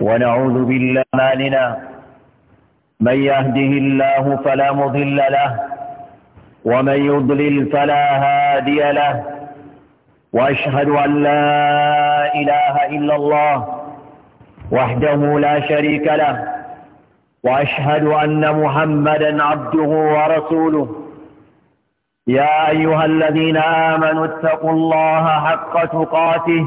ونعوذ بالله مالنا من يهده الله فلا مضل له ومن يضلل فلا هادي له وأشهد أن لا إله إلا الله وحده لا شريك له وأشهد أن محمدا عبده ورسوله يا أيها الذين آمنوا اتقوا الله حق تقاته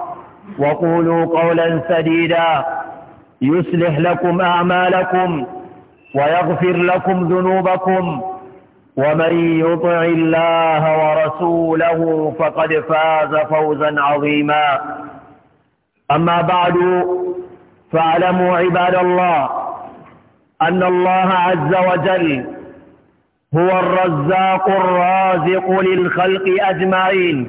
وقولوا قولا سديدا يصلح لكم أعمالكم ويغفر لكم ذنوبكم ومن يطع الله ورسوله فقد فاز فوزا عظيما أما بعد فاعلموا عباد الله أن الله عز وجل هو الرزاق الرازق للخلق أجمعين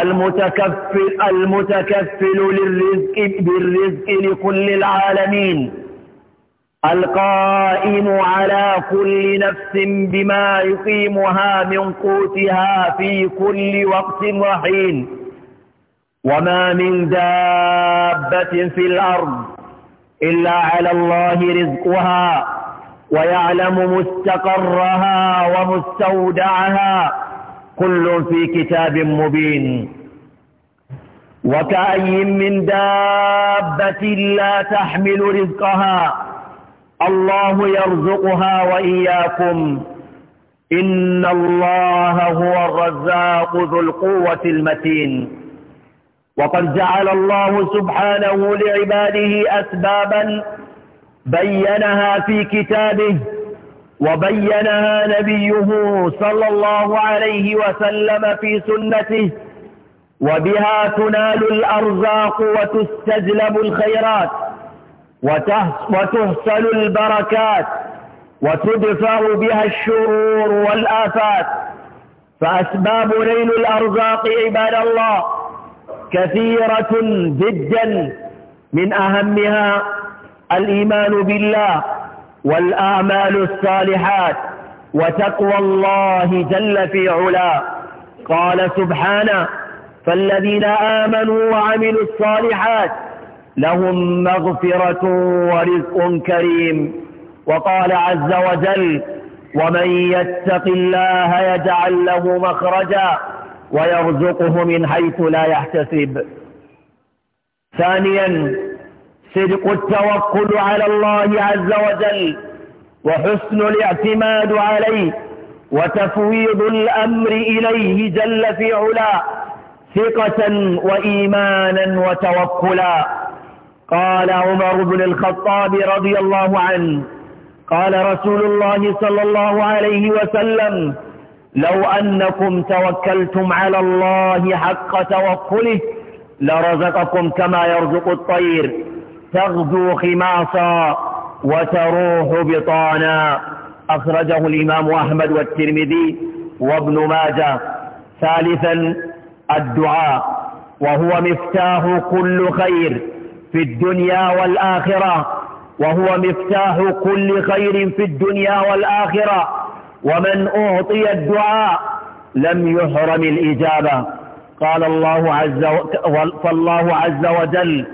المتكفل, المتكفل للرزق بالرزق لكل العالمين القائم على كل نفس بما يقيمها من قوتها في كل وقت رحيم وما من دابة في الأرض إلا على الله رزقها ويعلم مستقرها ومستودعها كل في كتاب مبين وكأي من دابة لا تحمل رزقها الله يرزقها وإياكم إن الله هو الرزاق ذو القوة المتين وقد جعل الله سبحانه لعباده أسبابا بينها في كتابه وبينها نبيه صلى الله عليه وسلم في سنته وبها تنال الأرزاق وتستجلب الخيرات وتحصل البركات وتدفع بها الشرور والآفات فأسباب نيل الأرزاق عباد الله كثيرة جدا من أهمها الإيمان بالله والأعمال الصالحات وتقوى الله جل في علا قال سبحانه فالذين آمنوا وعملوا الصالحات لهم مغفرة ورزق كريم وقال عز وجل ومن يتق الله يجعل له مخرجا ويرزقه من حيث لا يحتسب ثانيا صدق التوكل على الله عز وجل وحسن الاعتماد عليه وتفويض الأمر إليه جل في علا ثقة وإيمانا وتوكلا قال عمر بن الخطاب رضي الله عنه قال رسول الله صلى الله عليه وسلم لو أنكم توكلتم على الله حق توكله لرزقكم كما يرزق الطير تغدو خماصا وتروح بطانا أخرجه الإمام أحمد والترمذي وابن ماجه ثالثا الدعاء وهو مفتاح كل خير في الدنيا والآخرة وهو مفتاح كل خير في الدنيا والآخرة ومن أعطي الدعاء لم يحرم الإجابة قال الله عز و... فالله عز وجل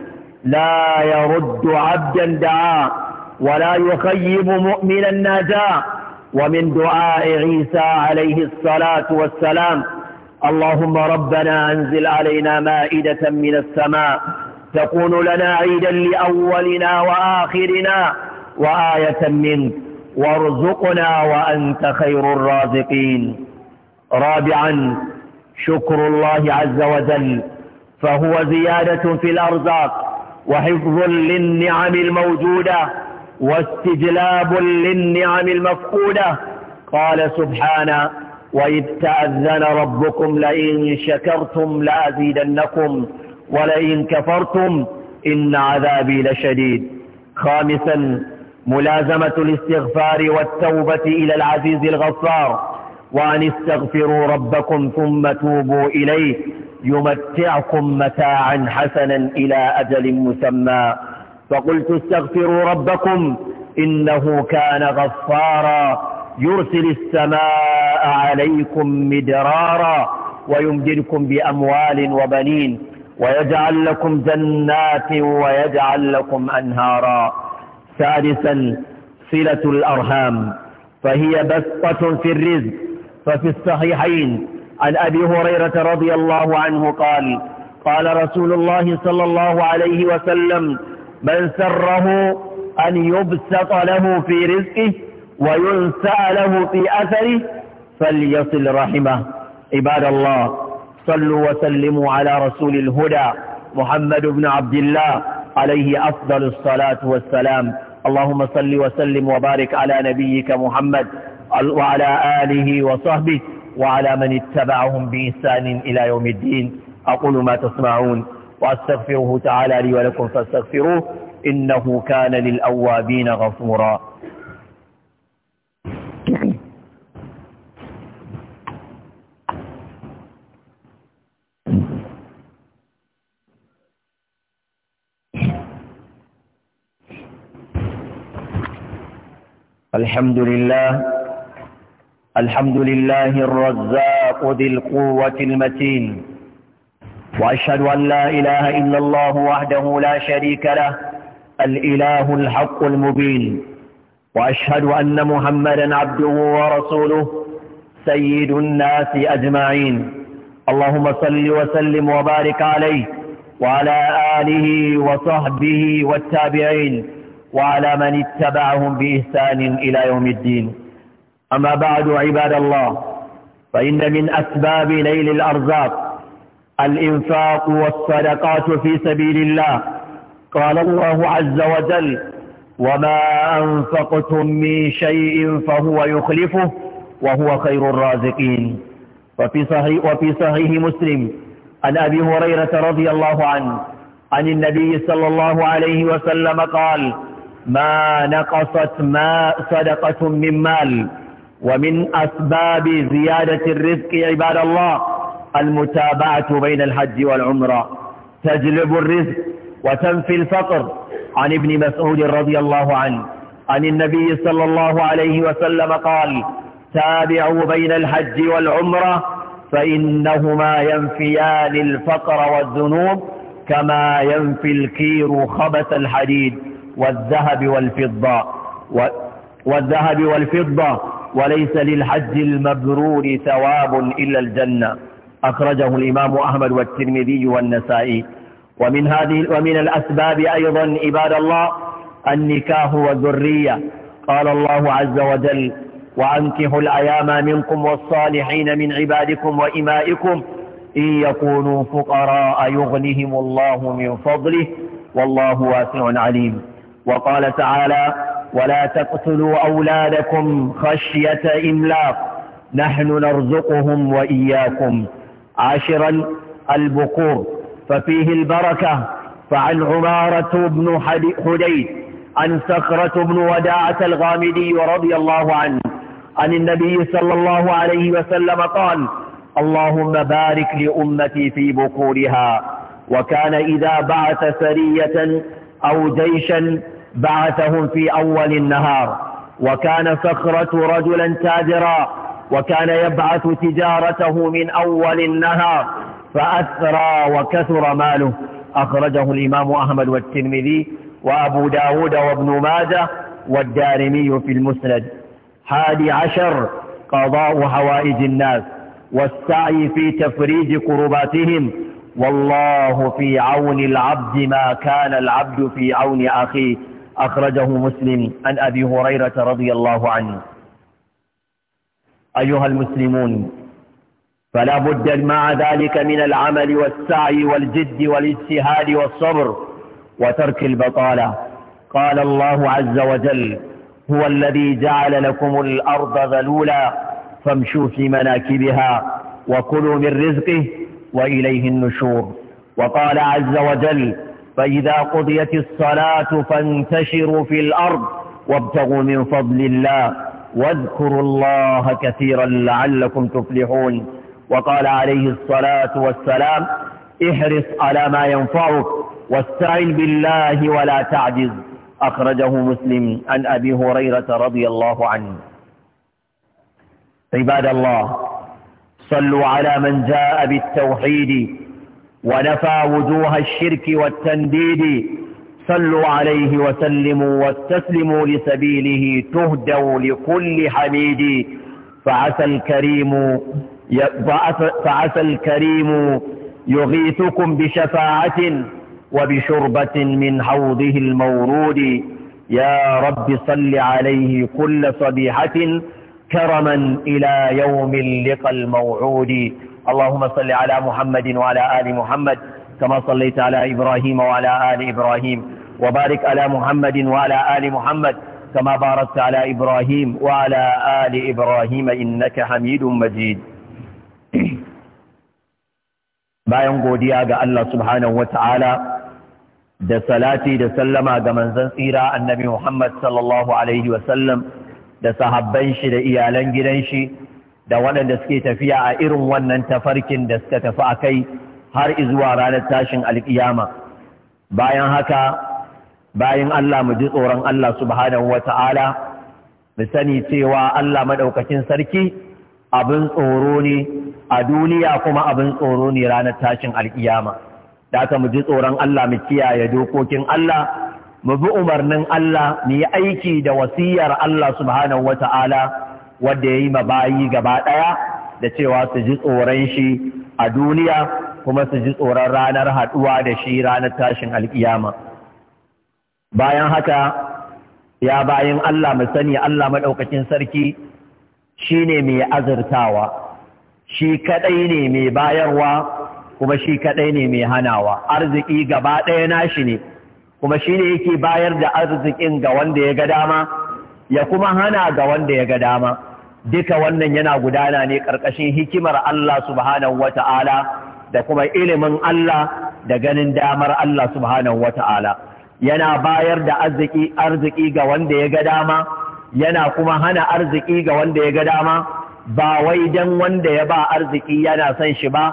لا يرد عبدا دعاء ولا يخيب مؤمنا ناجاء ومن دعاء عيسى عليه الصلاة والسلام اللهم ربنا أنزل علينا مائدة من السماء تكون لنا عيدا لأولنا وآخرنا وآية منك وارزقنا وأنت خير الرازقين رابعا شكر الله عز وجل فهو زيادة في الأرزاق وحفظ للنعم الموجودة واستجلاب للنعم المفقودة قال سبحانه وإذ تأذن ربكم لئن شكرتم لأزيدنكم ولئن كفرتم إن عذابي لشديد خامسا ملازمة الاستغفار والتوبة إلى العزيز الغفار وأن استغفروا ربكم ثم توبوا إليه يمتعكم متاعا حسنا إلى أجل مسمى فقلت استغفروا ربكم إنه كان غفارا يرسل السماء عليكم مدرارا ويمددكم بأموال وبنين ويجعل لكم جنات ويجعل لكم أنهارا سادسا صلة الأرهام فهي بسطة في الرزق ففي الصحيحين عن أبي هريرة رضي الله عنه قال قال رسول الله صلى الله عليه وسلم من سره أن يبسط له في رزقه وينسى له في أثره فليصل رحمه عباد الله صلوا وسلموا على رسول الهدى محمد بن عبد الله عليه أفضل الصلاة والسلام اللهم صل وسلم وبارك على نبيك محمد وعلى آله وصحبه وعلى من اتبعهم بإحسان إلى يوم الدين أقول ما تسمعون وأستغفره تعالى لي ولكم فاستغفروه إنه كان للأوابين غفورا نعم. الحمد لله الحمد لله الرزاق ذي القوة المتين وأشهد أن لا إله إلا الله وحده لا شريك له الإله الحق المبين وأشهد أن محمدا عبده ورسوله سيد الناس أجمعين اللهم صل وسلم وبارك عليه وعلى آله وصحبه والتابعين وعلى من اتبعهم بإحسان إلى يوم الدين أما بعد عباد الله فإن من أسباب نيل الأرزاق الإنفاق والصدقات في سبيل الله قال الله عز وجل وما أنفقتم من شيء فهو يخلفه وهو خير الرازقين وفي صحيح, وفي صحيح مسلم عن أبي هريرة رضي الله عنه عن النبي صلى الله عليه وسلم قال ما نقصت ما صدقة من مال ومن أسباب زيادة الرزق عباد الله المتابعة بين الحج والعمرة تجلب الرزق وتنفي الفقر عن ابن مسعود رضي الله عنه عن النبي صلى الله عليه وسلم قال تابعوا بين الحج والعمرة فإنهما ينفيان الفقر والذنوب كما ينفي الكير خبث الحديد والذهب والفضة والذهب والفضة وليس للحج المبرور ثواب إلا الجنة أخرجه الإمام أحمد والترمذي والنسائي ومن, هذه ومن الأسباب أيضا عباد الله النكاح والذرية قال الله عز وجل وأنكحوا الأيام منكم والصالحين من عبادكم وإمائكم إن يكونوا فقراء يغنهم الله من فضله والله واسع عليم وقال تعالى ولا تقتلوا أولادكم خشية إملاق نحن نرزقهم وإياكم عاشرا البقور ففيه البركة فعن عمارة بن حديث عن سخرة بن وداعة الغامدي رضي الله عنه عن النبي صلى الله عليه وسلم قال اللهم بارك لأمتي في بقورها وكان إذا بعث سرية أو جيشا بعثهم في أول النهار وكان صخرة رجلا تاجرا وكان يبعث تجارته من أول النهار فأثرى وكثر ماله أخرجه الإمام أحمد والترمذي وأبو داود وابن ماجه والدارمي في المسند حادي عشر قضاء حوائج الناس والسعي في تفريج قرباتهم والله في عون العبد ما كان العبد في عون أخيه أخرجه مسلم عن أبي هريرة رضي الله عنه أيها المسلمون فلا بد مع ذلك من العمل والسعي والجد والاجتهاد والصبر وترك البطالة قال الله عز وجل هو الذي جعل لكم الأرض ذلولا فامشوا في مناكبها وكلوا من رزقه وإليه النشور وقال عز وجل فإذا قضيت الصلاة فانتشروا في الأرض وابتغوا من فضل الله واذكروا الله كثيرا لعلكم تفلحون وقال عليه الصلاة والسلام احرص على ما ينفعك واستعن بالله ولا تعجز أخرجه مسلم عن أبي هريرة رضي الله عنه عباد الله صلوا على من جاء بالتوحيد ونفى وجوه الشرك والتنديد صلوا عليه وسلموا واستسلموا لسبيله تهدوا لكل حميد فعسى الكريم فعسى الكريم يغيثكم بشفاعة وبشربة من حوضه المورود يا رب صل عليه كل صبيحة كرما إلى يوم اللقاء الموعود اللهم صل على محمد وعلى آل محمد كما صليت على إبراهيم وعلى آل إبراهيم وبارك على محمد وعلى آل محمد كما باركت على إبراهيم وعلى آل إبراهيم إنك حميد مجيد bayan godiya ga Allah subhanahu ta'ala da salati da sallama ga manzon tsira annabi Muhammad sallallahu alaihi sallam da sahabban shi da iyalan gidan shi da waɗanda suke tafiya a irin wannan tafarkin da suka tafi a kai har izuwa ranar tashin alƙiyama bayan haka bayan Allah mu ji tsoron Allah subhanahu wata'ala mu sani cewa Allah maɗaukacin sarki abin tsoro ne a duniya kuma abin tsoro ne ranar tashin alƙiyama da aka mu ji tsoron Allah mu kiyaye dokokin Allah mu bi umarnin Allah mu yi aiki da wasiyar Allah subhanahu wata'ala wadda ya yi mabayi gaba ɗaya da cewa su ji tsoron shi a duniya kuma su ji tsoron ranar haɗuwa da shi ranar tashin alƙiyama bayan haka ya bayan Allah mu sani Allah maɗaukakin sarki shi ne mai azurtawa shi kaɗai ne mai bayarwa kuma shi kaɗai ne mai hanawa arziki gaba ɗaya nashi ne kuma shi ne yake bayar da arzikin ga wanda ya ga dama ya kuma hana ga wanda ya ga dama duka wannan yana gudana ne ƙarƙashin hikimar Allah subhanahu wata'ala da kuma ilimin Allah da ganin damar Allah subhanahu wata'ala yana bayar da arziki arziki ga wanda ya ga dama yana kuma hana arziki ga wanda ya ga dama ba wai dan wanda ya ba arziki yana son shi ba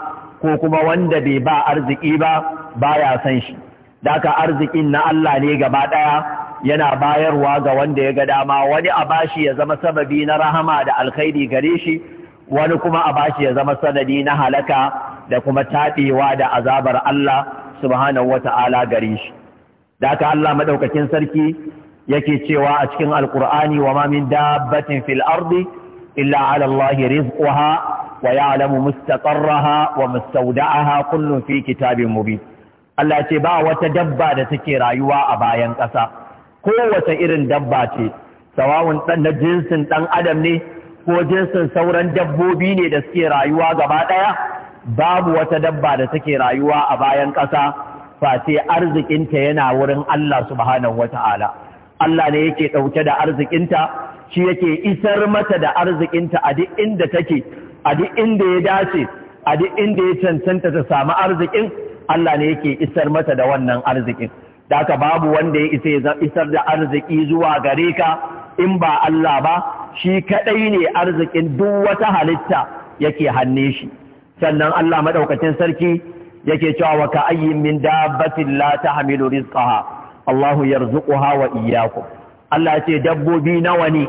ko kuma wanda bai ba arziki ba baya son shi daka arzikin na Allah ne gaba ɗaya yana bayarwa ga wanda ya ga dama wani a bashi ya zama sababi na rahama da alkhairi gare shi wani kuma a bashi ya zama sanadi na halaka da kuma taɗewa da azabar Allah subhanahu wata'ala gare shi da aka Allah madaukakin sarki yake cewa a cikin alkur'ani wa ma dabbatin fil ardi illa ala Allah rizquha wa ya'lamu mustaqarraha wa mustawda'aha kullun fi kitabin mubin Allah ce ba wata dabba da take rayuwa a bayan ƙasa kowace irin dabba ce sawawun ɗan na jinsin ɗan adam ne ko jinsin sauran dabbobi ne da suke rayuwa gaba ɗaya babu wata dabba da take rayuwa a bayan ƙasa face arzikinta yana wurin Allah subhanahu wata'ala Allah ne yake ɗauke da arzikinta shi yake isar mata da arzikinta a duk inda take a duk inda ya dace a duk inda ya cancanta ta samu arzikin Allah ne yake isar mata da wannan arzikin da aka babu wanda ya isar da arziki zuwa gare ka in ba Allah ba shi kadai ne arzikin duk wata halitta yake hanne shi sannan Allah madaukakin sarki yake cewa wa ka ayyin min dabbatin la tahmilu rizqaha Allahu yarzuquha wa iyyakum Allah ce dabbobi nawa ne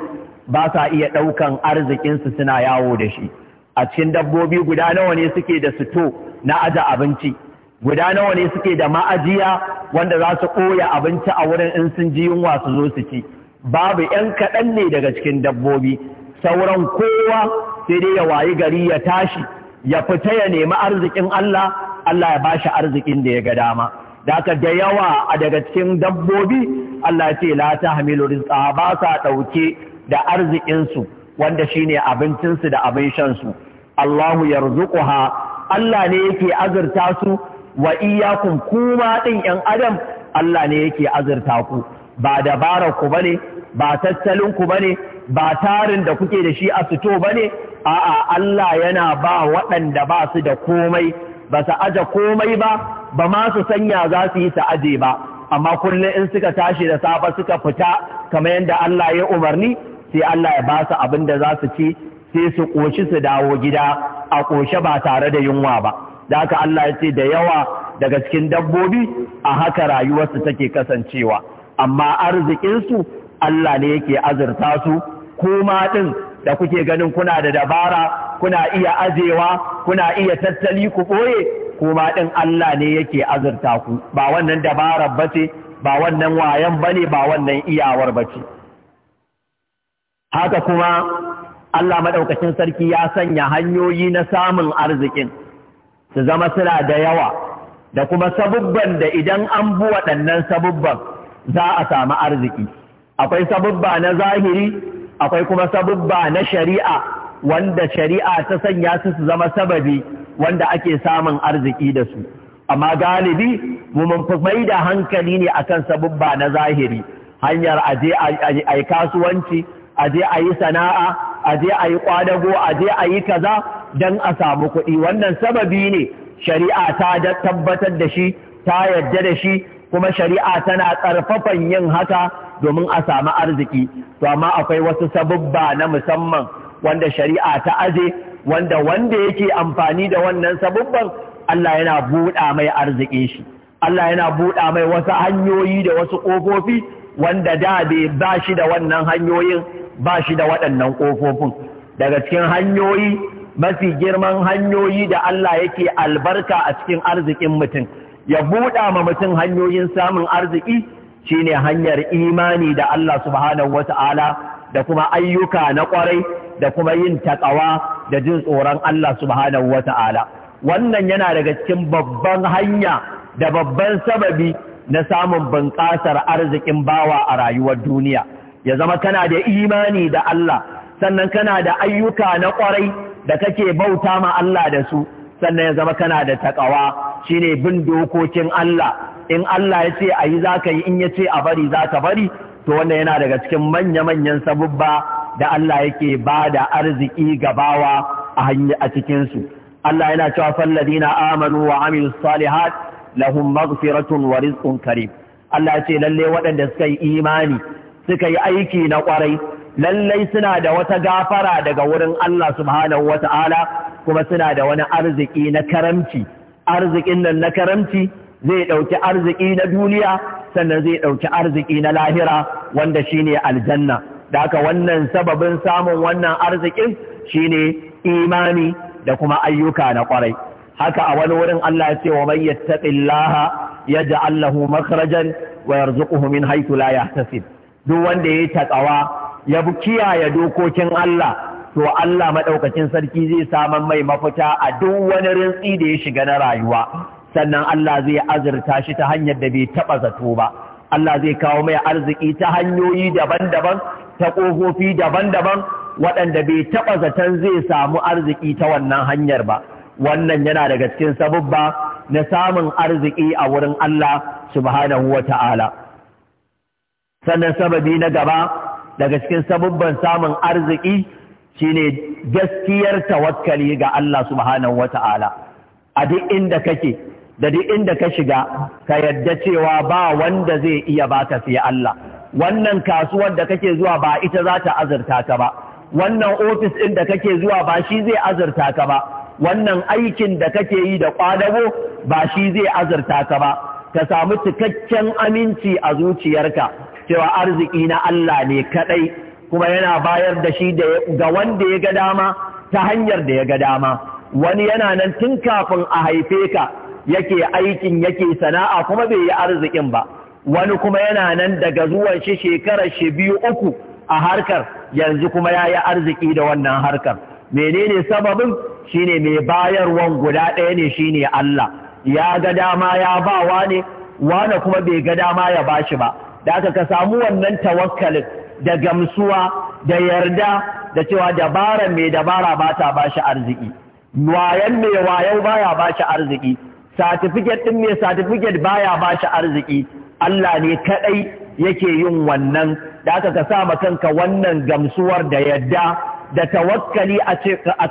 ba sa iya daukan arzikin su suna yawo da shi a cikin dabbobi guda nawa ne suke da suto na aja abinci guda nawa ne suke da ma'ajiya wanda za su koya abinci a wurin in sun ji yunwa su zo su ci babu 'yan kaɗan ne daga cikin dabbobi sauran kowa sai dai ya wayi gari ya tashi ya fita ya nemi arzikin Allah Allah ya bashi arzikin da ya ga dama da da yawa a daga cikin dabbobi Allah ya ce la ta hamilu rizqa ba sa ɗauke da arzikinsu wanda shine abincinsu da abin shansu Allahu yarzuquha Allah ne yake azurta su wa iyakun kuma ɗin ‘yan adam Allah ne yake azurta ku ba dabarar ku bane ba tattalin ku bane ba tarin da kuke da shi a fito bane a'a Allah yana ba waɗanda ba su da komai ba su aje komai ba ba ma su sanya za su yi ta ba amma kullum in suka tashi da safe suka fita kamar yadda Allah ya umarni sai Allah ya ba su abin da za su ci sai su ƙoshi su dawo gida a ƙoshe ba tare da yunwa ba da haka Allah ya ce da yawa daga cikin dabbobi a haka rayuwarsu take kasancewa amma arzikinsu Allah ne yake azurta su kuma ɗin da kuke ganin kuna da dabara kuna iya ajewa kuna iya tattali ku ɓoye kuma ɗin Allah ne yake azurta ku ba wannan dabarar ba ce ba wannan wayan ba ba wannan iyawar ba ce haka kuma Allah maɗaukacin sarki ya sanya hanyoyi na samun arzikin su zama suna da yawa da kuma sabubban da idan an bi waɗannan sabubban za a samu arziki akwai sabubba na zahiri akwai kuma sabubba na shari'a wanda shari'a ta sanya su su zama sababi wanda ake samun arziki da su amma galibi mu mun fi da hankali ne akan sabubba na zahiri hanyar aje a yi kasuwanci aje a yi sana'a aje a yi kwadago aje a yi kaza don a samu kuɗi wannan sababi ne shari'a ta tabbatar da shi ta yarda da shi kuma shari'a tana ƙarfafan yin haka domin a samu arziki to amma akwai wasu sabubba na musamman wanda shari'a ta aje wanda wanda yake amfani da wannan sabubban Allah yana buɗa mai arziki shi Allah yana buɗa mai wasu hanyoyi da wasu ƙofofi wanda da bai ba shi da wannan hanyoyin ba shi da waɗannan ƙofofin daga cikin hanyoyi mafi girman hanyoyi da Allah yake albarka a cikin arzikin mutum ya buɗa ma mutum hanyoyin samun arziki shine hanyar imani da Allah subhanahu wata'ala da kuma ayyuka na ƙwarai da kuma yin taƙawa da jin tsoron Allah subhanahu wata'ala wannan yana daga cikin babban hanya da babban sababi na samun bunƙasar arzikin bawa a rayuwar duniya ya zama kana da imani da Allah sannan kana da ayyuka na ƙwarai da kake bauta ma Allah da su sannan ya zama kana da takawa shine bin dokokin Allah in Allah ya ce ayi za ka yi in ya ce a bari za ka bari to wannan yana daga cikin manya-manyan sabubba da Allah yake ba da arziki gabawa a a cikinsu Allah yana cewa falladina amanu wa amilu salihat lahum maghfiratun wa rizqun karim Allah ya ce lalle waɗanda suka yi imani suka yi aiki na kwarai. lallai suna da wata gafara daga wurin Allah subhanahu ta'ala kuma suna da wani arziki na karamci arzikin nan na karamci zai ɗauki arziki na duniya sannan zai ɗauki arziki na lahira wanda shine aljanna da haka wannan sababin samun wannan arzikin shine imani da kuma ayyuka na ƙwarai. haka a wani wurin Allah ya ce wa man yattaqillaha yaj'al lahu makhrajan wa yarzuquhu min haythu la yahtasib duk wanda yayi takawa ya bi kiyaye dokokin Allah to Allah maɗaukacin sarki zai saman mai mafita a duk wani rintsi da ya shiga na rayuwa sannan Allah zai azurta shi ta hanyar da bai taɓa zato ba Allah zai kawo mai arziki ta hanyoyi daban-daban ta ƙofofi daban-daban waɗanda bai taɓa zaton zai samu arziki ta wannan hanyar ba wannan yana daga cikin sabubba na samun arziki a wurin Allah subhanahu wa ta'ala sannan sababi na gaba daga cikin sabubban samun arziki shine gaskiyar tawakkali ga Allah subhanahu wata'ala a duk inda kake da duk inda ka shiga ka yadda cewa ba wanda zai iya baka sai Allah wannan kasuwar da kake zuwa ba ita za ta azurta ka ba wannan ofis ɗin da kake zuwa ba shi zai azurta ka ba wannan aikin da kake yi da kwadago ba shi zai azurta ka ba ka samu cikakken aminci a zuciyarka cewa arziki na Allah ne kadai kuma yana bayar da shi ga wanda ya ga dama ta hanyar da ya ga dama wani yana nan tun kafin a haife ka yake aikin yake sana'a kuma bai yi arzikin ba wani kuma yana nan daga zuwan shi shekarar shi biyu uku a harkar yanzu kuma ya yi arziki da wannan harkar menene sababin shine mai bayarwan guda ɗaya ne shine Allah ya ga dama ya ba wane wane kuma bai ga dama ya ba shi ba da aka ka samu wannan tawakkalin da gamsuwa da yarda da cewa dabara mai dabara ba ta ba shi arziki wayan mai ya ba shi arziki satifiket ɗin mai satifiket ba shi arziki Allah ne kaɗai yake yin wannan da aka ka sa kanka wannan gamsuwar da yarda da tawakkali a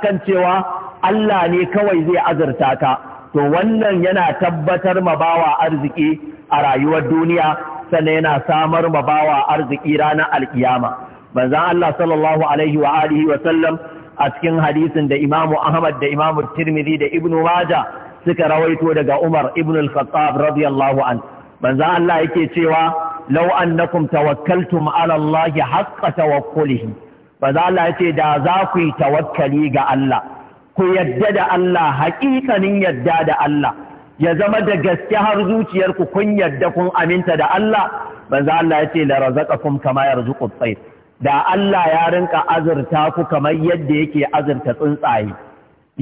kan cewa Allah ne kawai zai azurta ka to wannan yana tabbatar ma bawa arziki a rayuwar duniya sannan yana samar ma bawa arziki ranar alkiyama manzon Allah sallallahu alaihi wa alihi wa sallam a cikin hadisin da Imam Ahmad da Imam Tirmidhi da Ibn Majah suka rawaito daga Umar ibn al-Khattab radiyallahu an manzon Allah yake cewa law annakum tawakkaltum ala Allah haqqa tawakkulihi manzon Allah yace da za ku yi tawakkali ga Allah ku yadda da Allah haƙiƙanin yadda da Allah ya zama da gaske har zuciyarku kun yadda kun aminta da Allah banza Allah ya ce la razaqakum kama yarzuqut tsayr da Allah ya rinka azurta ku kamar yadda yake azurta tsuntsaye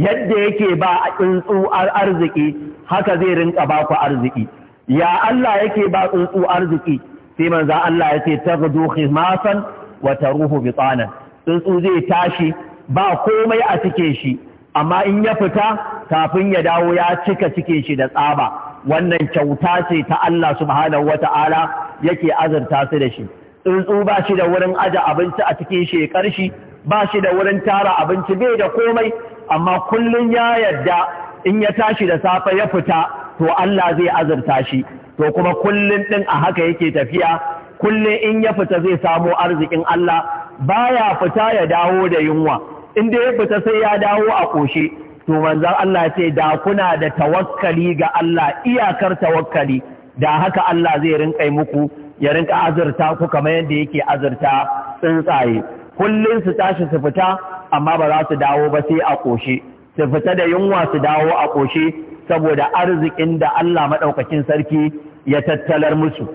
yadda yake ba tsuntsu arziki haka zai rinka ba ku arziki ya Allah yake ba tsuntsu arziki sai manza Allah ya ce taghdu khimasan wa taruhu bitanan tsuntsu zai tashi ba komai a cike shi amma in ya fita kafin ya dawo ya cika cikin shi da tsaba wannan kyauta ce ta Allah subhanahu wata'ala yake azurta su da shi tsuntsu ba shi da wurin aje abinci a cikin shekar shi ba shi da wurin tara abinci bai da komai amma kullun ya yarda in ya tashi da safe ya fita to Allah zai azurta shi to kuma kullum ɗin a haka yake tafiya kullum in ya fita zai samo arzikin Allah baya fita ya dawo da yunwa in da ya fita sai ya dawo a ƙoshe to manzan Allah ce da kuna da tawakkali ga Allah iyakar tawakkali da haka Allah zai rinka muku ya rinƙa azurta ku kamar yadda yake azurta tsuntsaye kullum su tashi su fita amma ba za su dawo ba sai a ƙoshe su fita da yunwa su dawo a ƙoshe saboda arzikin da Allah maɗaukacin sarki ya tattalar musu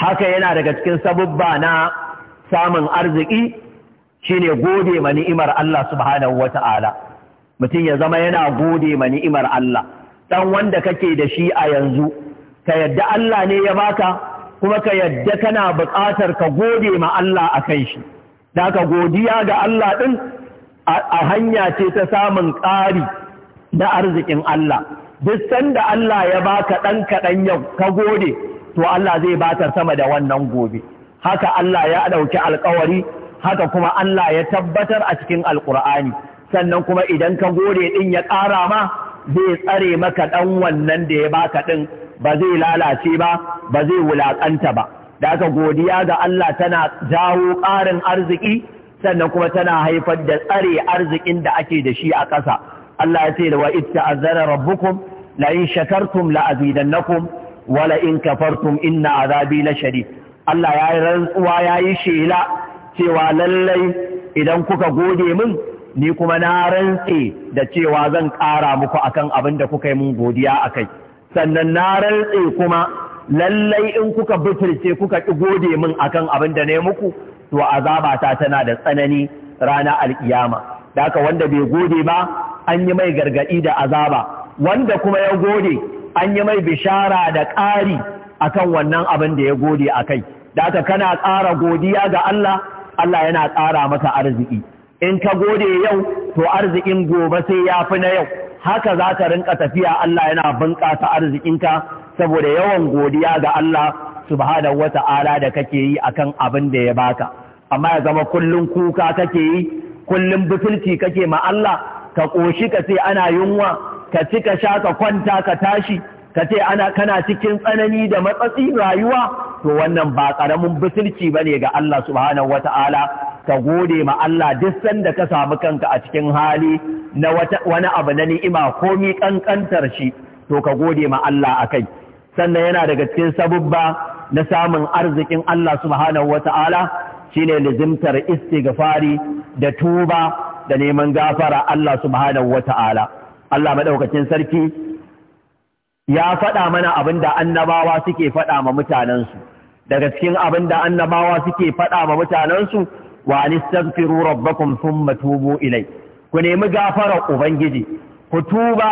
haka yana daga cikin sabubba na samun arziki shine gode ma ni'imar Allah subhanahu wata'ala mutum ya zama yana gode ma ni'imar Allah Ɗan wanda kake da shi a yanzu ka yadda Allah ne ya baka kuma ka yadda kana buƙatar ka gode ma Allah akan shi da ka godiya ga Allah ɗin a hanya ce ta samun ƙari na arzikin Allah duk sanda Allah ya baka ɗan kaɗan yau ka gode to Allah zai baka sama da wannan gobe haka Allah ya ɗauki alƙawari haka kuma Allah ya tabbatar a cikin alkur'ani sannan kuma idan ka gode din ya ƙara ma zai tsare maka ɗan wannan da ya baka ɗin ba zai lalace ba ba zai wulaƙanta ba da aka godiya ga Allah tana jawo ƙarin arziki sannan kuma tana haifar da tsare arzikin da ake da shi a ƙasa Allah ya ce da wa itta azana rabbukum la in shakartum la azidannakum wa la in kafartum inna azabi la shadid Allah ya yi rantsuwa ya yi shela cewa lallai idan kuka gode min ni kuma na rantse da cewa zan ƙara muku akan abin da kuka yi min godiya a kai sannan na rantse kuma lallai in kuka bitirce kuka ƙi gode min akan abin da na yi muku to azaba ta tana da tsanani rana alkiyama da haka wanda bai gode ba an yi mai gargaɗi da azaba wanda kuma ya gode an yi mai bishara da ƙari akan wannan abin da ya gode a kai da haka kana ƙara godiya ga Allah Allah yana ƙara maka arziki in ka gode yau to arzikin gobe sai ya fi na yau haka za ka rinka tafiya Allah yana bunƙasa arzikinka saboda yawan godiya ga Allah subhanahu wata'ala da kake yi akan abin da ya baka amma ya zama kullum kuka kake yi kullum butulci kake ma Allah ka ƙoshi ka ce ana yunwa ka ci ka sha ka kwanta ka tashi ka ce ana kana cikin tsanani da matsatsi rayuwa to wannan ba ƙaramin butulci ba ne ga Allah subhanahu wata'ala ka gode ma Allah duk sanda ka samu kanka a cikin hali na wani abu na ni'ima komi ƙanƙantar shi to ka gode ma Allah a kai sannan yana daga cikin sabubba na samun arzikin Allah subhanahu wata'ala shine lizimtar istighfari da tuba da neman gafara Allah subhanahu wata'ala Allah madaukakin sarki ya faɗa mana abin da annabawa suke faɗa ma mutanensu daga cikin abin da annabawa suke faɗa ma mutanensu wa anistaghfiru rabbakum thumma tubu ilai ku nemi gafarar ubangiji ku tuba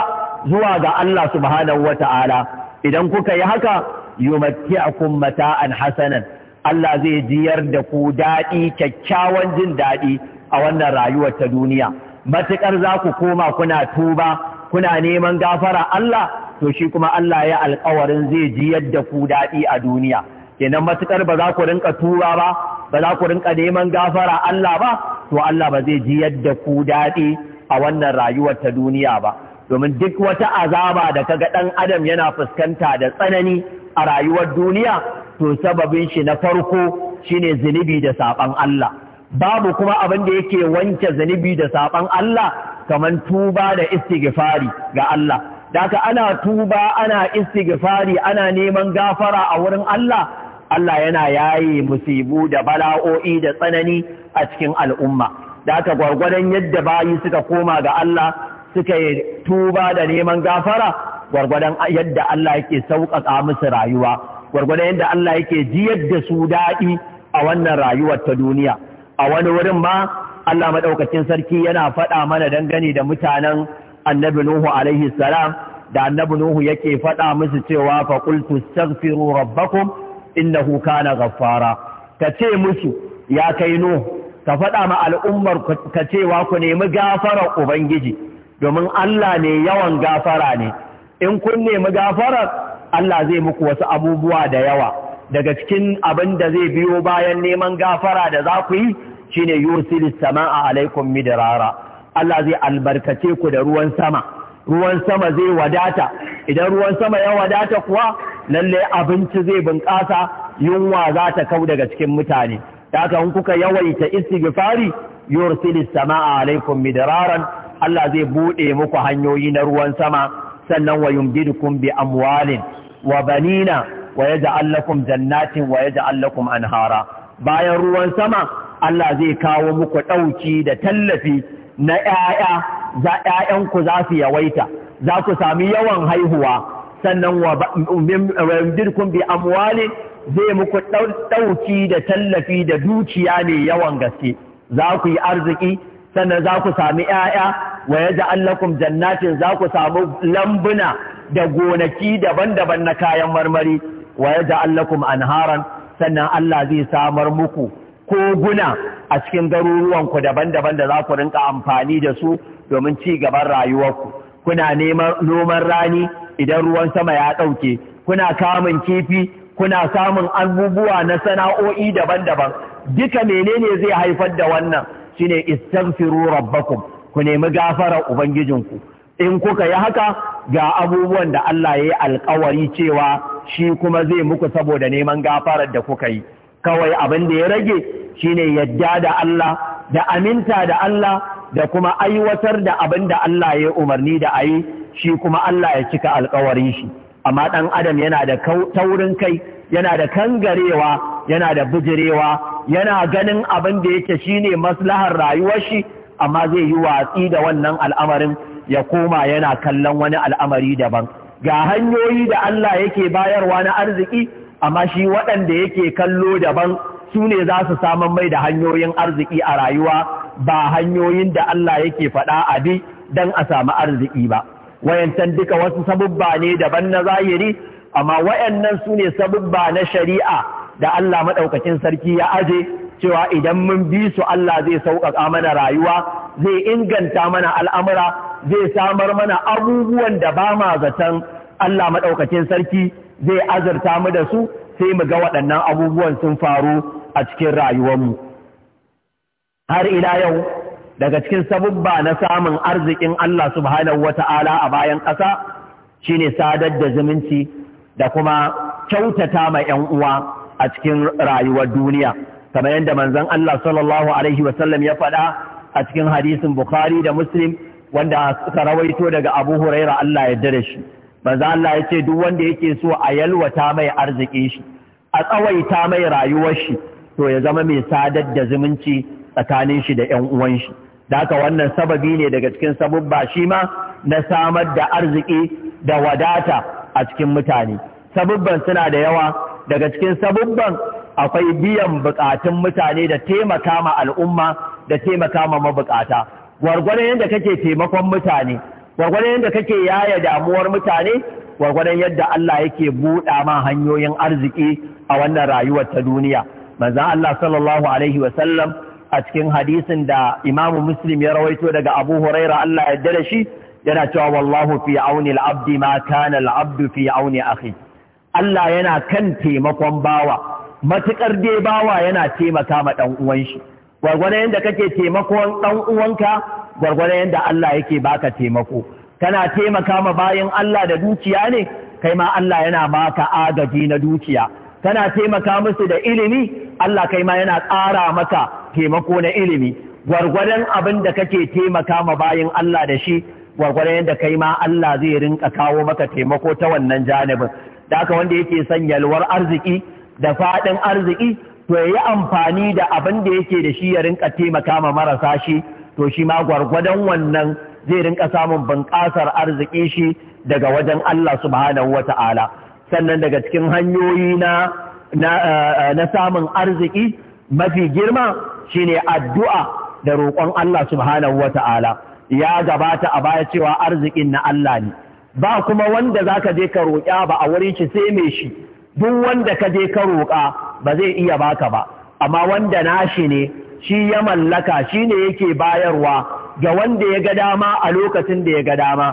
zuwa ga Allah subhanahu Ta'ala. idan kuka yi haka yumatti'akum mata'an hasanan Allah zai jiyar da ku daɗi kyakkyawan jin daɗi a wannan rayuwar ta duniya matuƙar za ku koma kuna tuba kuna neman gafara Allah to shi kuma Allah ya alƙawarin zai ji yadda ku daɗi a duniya kenan matuƙar ba za ku rinka tura ba ba za ku rinka neman gafara Allah ba to Allah ba zai ji yadda ku daɗi a wannan rayuwar ta duniya ba domin duk wata azaba da ka ga ɗan adam yana fuskanta da tsanani a rayuwar duniya to sababin shi na farko shine zunubi da saɓan Allah babu kuma abin da yake wanke zunubi da saɓan Allah kamar tuba da istighfari ga Allah Daka ana tuba ana istighfari ana neman gafara a wurin Allah Allah yana yaye musibu da bala'o'i da tsanani a cikin al'umma Daka gwargwadon yadda bayi suka koma ga Allah suka yi tuba da neman gafara gwargwadon yadda Allah yake sauƙaƙa musu rayuwa gwargwadon yadda Allah yake jiyar da su daɗi a wannan rayuwar ta duniya a wani wurin ma Allah maɗaukacin sarki yana faɗa mana dangane da mutanen annabi Nuhu alaihi da annabi Nuhu yake faɗa musu cewa fa qultu astaghfiru rabbakum innahu kana ghaffara ka ce musu ya kai Nuhu ka faɗa ma al'ummar ka cewa ku nemi gafarar ubangiji domin Allah ne yawan gafara ne in kun nemi gafarar Allah zai muku wasu abubuwa da yawa daga cikin abin da zai biyo bayan neman gafara da za ku yi shine yursilis sama'a alaikum midrara Allah zai albarkace ku da ruwan sama ruwan sama zai wadata idan ruwan sama ya wadata kuwa lalle abinci zai bunƙasa yunwa za ta kau daga cikin mutane haka in kuka yawaita istighfari yursilis samaa alaikum midraran Allah zai bude muku hanyoyi na ruwan sama sannan wa yumdidukum bi amwalin wa banina wa yaj'al lakum jannatin wa yaj'al lakum anhara bayan ruwan sama Allah zai kawo muku dauki da tallafi na 'ya'ya ‘ya'yanku za su yawaita za ku sami yawan haihuwa sannan wa dirkun bi amwali zai muku ɗauki da tallafi da dukiya ne yawan gaske za ku yi arziki sannan za ku sami ‘ya'ya wa ya jannatin za ku sami lambuna da gonaki daban-daban na kayan marmari wa ya ja'allakum anharan sannan Allah zai samar muku koguna a cikin garuruwanku daban-daban da za ku rinka amfani da su domin ci gaban rayuwarku kuna neman noman rani idan ruwan sama ya ɗauke kuna kamun kifi kuna samun abubuwa na sana'o'i daban-daban duka menene zai haifar da wannan shine istaghfiru rabbakum ku nemi gafara ubangijinku in kuka yi haka ga abubuwan da Allah ya yi alkawari cewa shi kuma zai muku saboda neman gafarar da kuka yi kawai abin da ya rage shine yadda da Allah da aminta da Allah da kuma aiwatar da abin da Allah ya umarni da a yi shi kuma Allah ya cika alkawarin shi amma ɗan adam yana da taurin kai yana da kangarewa yana da bijirewa, yana ganin abin da yake shine maslahar rayuwar shi amma zai yi watsi da wannan al'amarin ya koma yana kallon wani al'amari daban ga hanyoyi da Allah yake bayarwa na arziki amma shi waɗanda yake kallo daban su ne za su samun mai da hanyoyin arziki a rayuwa ba hanyoyin da Allah yake faɗa a bi don a samu arziki ba wayancan duka wasu sabubba ne daban na zahiri amma wayannan su ne sabubba na shari'a da Allah maɗaukacin sarki ya aje cewa idan mun bi su Allah zai sauƙaƙa mana rayuwa zai inganta mana al'amura zai samar mana abubuwan da ba ma zaton Allah maɗaukacin sarki zai azurta mu da su sai mu ga waɗannan abubuwan sun faru a cikin rayuwarmu har ila yau daga cikin sabubba na samun arzikin Allah subhanahu ta'ala a bayan ƙasa shine sadar da zumunci da kuma kyautata ma 'yan uwa a cikin rayuwar duniya kamar yadda manzon Allah sallallahu alaihi wasallam ya faɗa a cikin hadisin Bukhari da Muslim wanda suka rawaito daga Abu Huraira Allah ya dare shi manzon Allah ya ce duk wanda yake so a yalwata mai arziki shi a tsawaita mai rayuwar shi to ya zama mai sadar da zumunci tsakanin shi da ‘yan uwan shi. Da haka wannan sababi ne daga cikin sabubba shi ma na samar da arziki da wadata a cikin mutane. Sabubban suna da yawa daga cikin sabubban akwai biyan bukatun mutane da taimaka ma al'umma da taimaka ma mabukata. Gwargwadon yadda kake taimakon mutane, gwargwadon yadda kake yaya damuwar mutane, gwargwadon yadda Allah yake buɗa ma hanyoyin arziki a wannan rayuwar ta duniya. Manzan Allah sallallahu Alaihi wasallam a cikin hadisin da imamu muslim ya rawaito daga abu huraira Allah ya da shi yana cewa wallahu fi auni al'abdi ma kana al'abdu fi auni akhi Allah yana kan taimakon bawa matukar dai bawa yana taimaka ma dan uwan shi gwargwadon yanda kake taimakon dan uwanka gwargwadon yanda Allah yake baka taimako kana taimaka ma bayin Allah da dukiya ne kai ma Allah yana baka agaji na dukiya tana taimaka musu da ilimi Allah kai ma yana ƙara maka taimako na ilimi gwargwadon abin da kake taimaka ma bayin Allah da shi gwargwadon yadda kai ma Allah zai rinka kawo maka taimako ta wannan janibin da haka wanda yake son yalwar arziki da faɗin arziki to yayi amfani da abin da yake da shi ya rinka taimaka ma marasa shi to shi ma gwargwadon wannan zai rinka samun bunƙasar arziki shi daga wajen Allah subhanahu wa ta'ala. sannan daga cikin hanyoyi na eh, eh, na samun arziki mafi girma shine addu'a da roƙon Allah subhanahu wata'ala ya gabata a baya cewa arzikin na Allah ne ba kuma wanda zaka je ka roƙa ba a wurin shi sai mai shi duk wanda ka je ka roƙa ba zai iya baka ba amma wanda nashi ne shi ya mallaka shi ne yake bayarwa ga wanda ya ga dama a lokacin da ya ga dama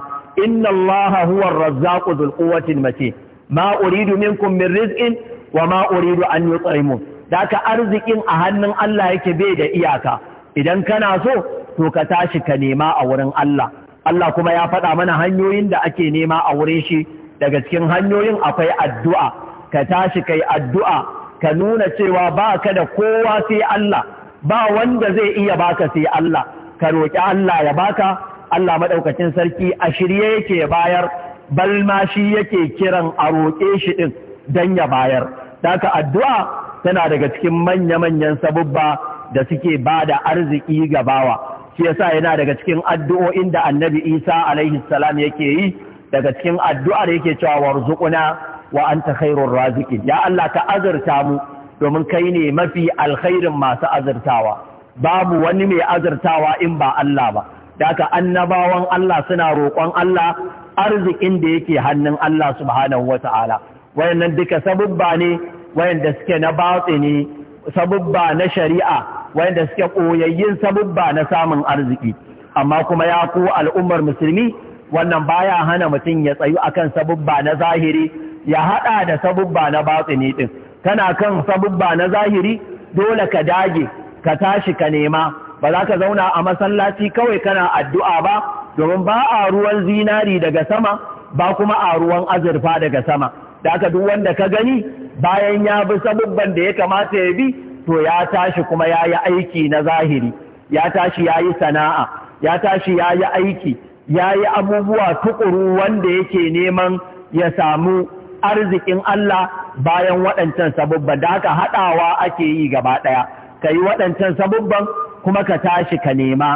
inna allaha huwa razzaqu dhul matin ma uridu minkum min rizqin wa ma uridu an yut'imun daka arzikin a hannun Allah yake bai da iyaka idan kana so to ka tashi ka nema a wurin Allah Allah kuma ya faɗa mana hanyoyin da ake nema a wurin shi daga cikin hanyoyin akwai addu'a ka tashi kai addu'a ka nuna cewa ba ka da kowa sai Allah ba wanda zai iya baka sai Allah ka roƙi Allah ya baka Allah maɗaukacin sarki a shirye yake bayar bal shi yake kiran a roƙe shi ɗin don ya bayar Daka addu'a tana daga cikin manya-manyan sabubba da suke ba da arziki ga bawa shi yasa yana daga cikin addu'o'in da annabi isa alaihi salam yake yi daga cikin addu'ar yake cewa warzuquna wa ta khairun raziki ya Allah ka azurta mu domin kai ne mafi alkhairin masu azurtawa babu wani mai azurtawa in ba Allah ba da aka annabawan Allah suna roƙon Allah arzikin da yake hannun Allah subhanahu wa ta'ala wayannan duka sabubba ne wayanda suke na batsini sabubba na shari'a wayanda suke koyayyin sabubba na samun arziki amma kuma ya ku al'ummar musulmi wannan baya hana mutum ya tsayu akan sabubba na zahiri ya haɗa da sabubba na batsini ɗin, kana kan sabubba na zahiri dole ka dage ka tashi ka nema ba za ka zauna a masallaci kawai kana addu'a ba domin ba a ruwan zinari daga sama ba kuma a ruwan azurfa daga sama da aka duk wanda ka gani bayan ya bi sabubban da ya kamata ya bi to ya tashi kuma ya yi aiki na zahiri ya tashi ya yi sana'a ya tashi ya yi aiki ya yi abubuwa tukuru wanda yake neman ya samu arzikin Allah bayan waɗancan sabubban da aka haɗawa ake yi gaba ɗaya ka yi waɗancan sabubban kuma ka tashi ka nema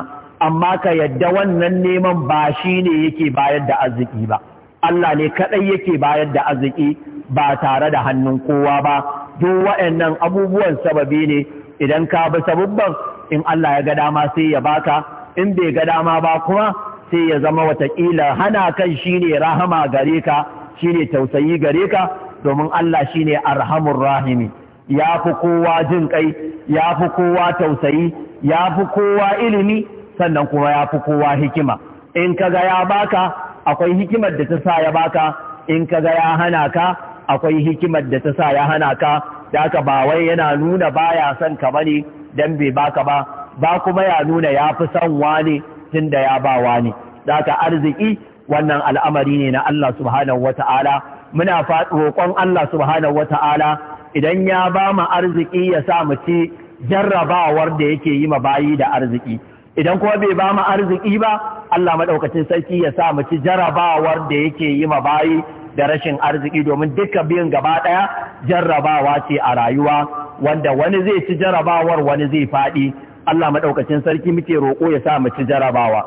amma ka yadda wannan neman ba shi ne yake bayar da arziki ba Allah ne kaɗai yake bayar da arziki ba tare da hannun kowa ba duk waɗannan abubuwan sababi ne idan ka bi sabubban in Allah ya ga dama sai ya baka in bai ga dama ba kuma sai ya zama watakila hana kan shine rahama gare ka shine tausayi gare ka domin Allah shine arhamur rahimi ya fi kowa jin kai ya fi kowa tausayi ya fi kowa ilimi sannan kuma ya fi kowa hikima in ka ga ya baka akwai hikimar da ta sa ya baka in ka ga ya hana ka akwai hikimar da ta sa ya hana ka da ka ba wai yana nuna baya son ka bane dan bai baka ba ba kuma ya nuna ya fi son wani tunda ya ba wani da ka arziki wannan al'amari ne na Allah subhanahu wata'ala muna roƙon Allah subhanahu wata'ala idan ya ba mu arziki ya sa mu ci jarrabawar da yake yi ma bayi da arziki idan kuma bai ba mu arziki ba Allah maɗaukacin sarki ya sa mu ci jarrabawar da yake yi ma bayi da rashin arziki domin duka biyan gaba ɗaya jarrabawa ce a rayuwa wanda wani zai ci jarrabawar wani zai faɗi Allah maɗaukacin sarki muke roƙo ya sa mu ci jarrabawa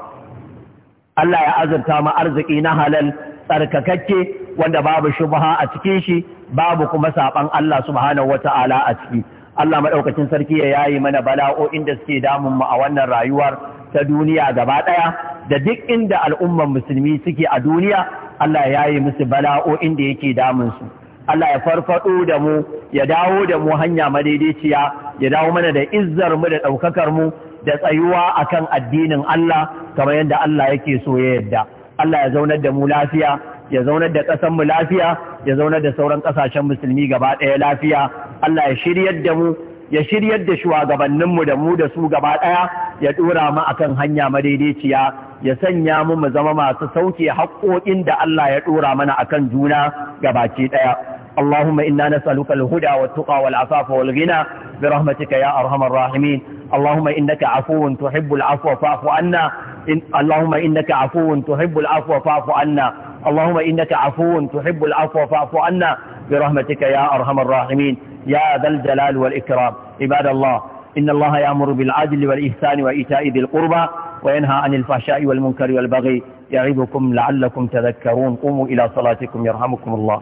Allah ya azurta mu arziki na halal tsarkakakke wanda babu shubha a cikin shi babu kuma saban Allah subhanahu wata'ala a ciki Allah madaukakin sarki ya yayi mana bala'o'in da suke damun mu a wannan rayuwar ta duniya gaba daya da duk inda al'umman musulmi suke a duniya Allah ya yayi musu bala'o'in da yake damun su Allah ya farfado da mu ya dawo da mu hanya madaidaiciya ya dawo mana da izzar mu da daukakar mu da tsayuwa akan addinin Allah kamar yadda Allah yake so ya yadda Allah ya zaunar da mu lafiya ya zaunar da ƙasanmu lafiya ya zaunar da sauran ƙasashen musulmi gaba ɗaya lafiya Allah ya shiryar da mu ya shiryar da shugabanninmu da mu da su gaba ɗaya ya ɗora mu akan hanya madaidaiciya ya sanya mu mu zama masu sauke haƙƙoƙin da Allah ya ɗora mana akan juna baki ɗaya اللهم إنا نسألك الهدى والتقى والعفاف والغنى برحمتك يا أرحم الراحمين اللهم إنك عفو تحب العفو فاعف عنا إن اللهم إنك عفو تحب العفو فاعف عنا Allahumma innaka afuwun tuhibbul afwa fa'fu anna برحمتك يا أرحم الراحمين يا ذا الجلال والإكرام عباد الله إن الله يأمر بالعدل والإحسان وإيتاء ذي القربى وينهى عن الفحشاء والمنكر والبغي يعظكم لعلكم تذكرون قوموا إلى صلاتكم يرحمكم الله